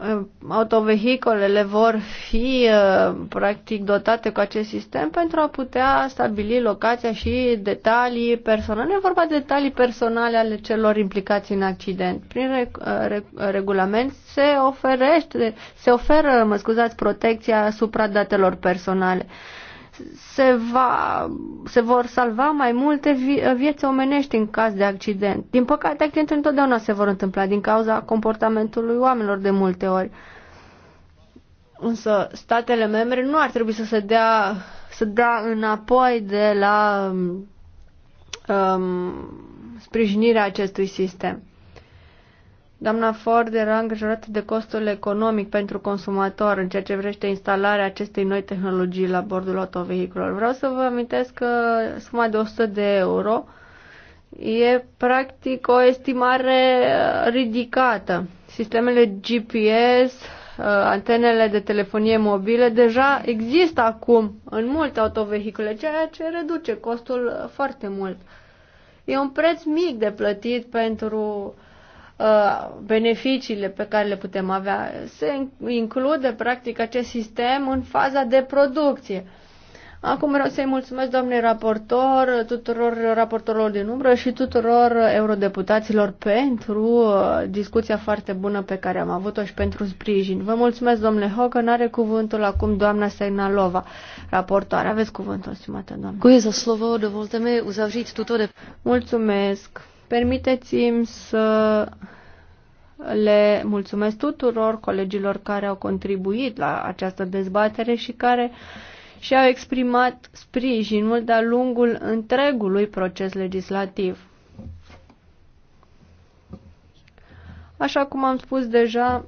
Uh, autovehicolele vor fi uh, practic dotate cu acest sistem pentru a putea stabili locația și detalii personale. E vorba de detalii personale ale celor implicați în accident. Prin uh, regulament se oferește, se oferă, mă scuzați, protecția asupra datelor personale. Uh, se, va, se vor salva mai multe vieți omenești în caz de accident. Din păcate, accidente întotdeauna se vor întâmpla din cauza comportamentului oamenilor de multe ori. Însă statele membre nu ar trebui să se dea, să dea înapoi de la um, sprijinirea acestui sistem. Doamna Ford era îngrijorată de costul economic pentru consumator în ceea ce vrește instalarea acestei noi tehnologii la bordul autovehiculor. Vreau să vă amintesc că suma de 100 de euro e practic o estimare uh, ridicată. Sistemele GPS, uh, antenele de telefonie mobile deja există acum în multe autovehicule, ceea ce reduce costul foarte mult. E un preț mic de plătit pentru uh, Uh, beneficiile pe care le putem avea. Se include, practic, acest sistem în faza de producție. Acum vreau să-i mulțumesc, domnule raportor, tuturor raportorilor din umbră și tuturor eurodeputaților pentru uh, discuția foarte bună pe care am avut-o și pentru sprijin. Vă mulțumesc, domnule Hogan. Are cuvântul acum doamna Segnalova, raportoare. Aveți cuvântul, stimată doamnă. Cu slovo, dovolte mi uzavrit tuto Mulțumesc. Permiteți-mi să le mulțumesc tuturor colegilor care au contribuit la această dezbatere și care și-au exprimat sprijinul de-a lungul întregului proces legislativ. Așa cum am spus deja,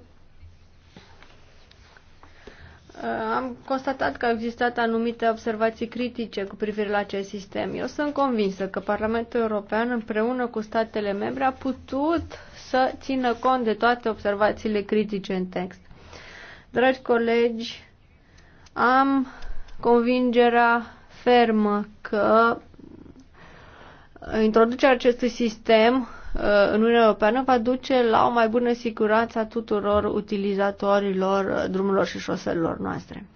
Uh, am constatat că au existat anumite observații critice cu privire la acest sistem. Eu sunt convinsă că Parlamentul European împreună cu statele membre a putut să țină cont de toate observațiile critice în text. Dragi colegi, am convingerea fermă că introducerea acestui sistem Uh, în Uniunea Europeană va duce la o mai bună siguranță a tuturor utilizatorilor uh, drumurilor și șoselelor noastre.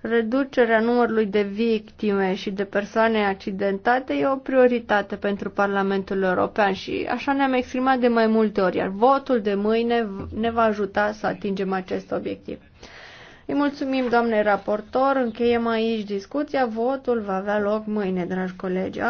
Reducerea numărului de victime și de persoane accidentate e o prioritate pentru Parlamentul European și așa ne-am exprimat de mai multe ori, iar votul de mâine ne va ajuta să atingem acest obiectiv. Îi mulțumim, doamne raportor, încheiem aici discuția, votul va avea loc mâine, dragi colegi.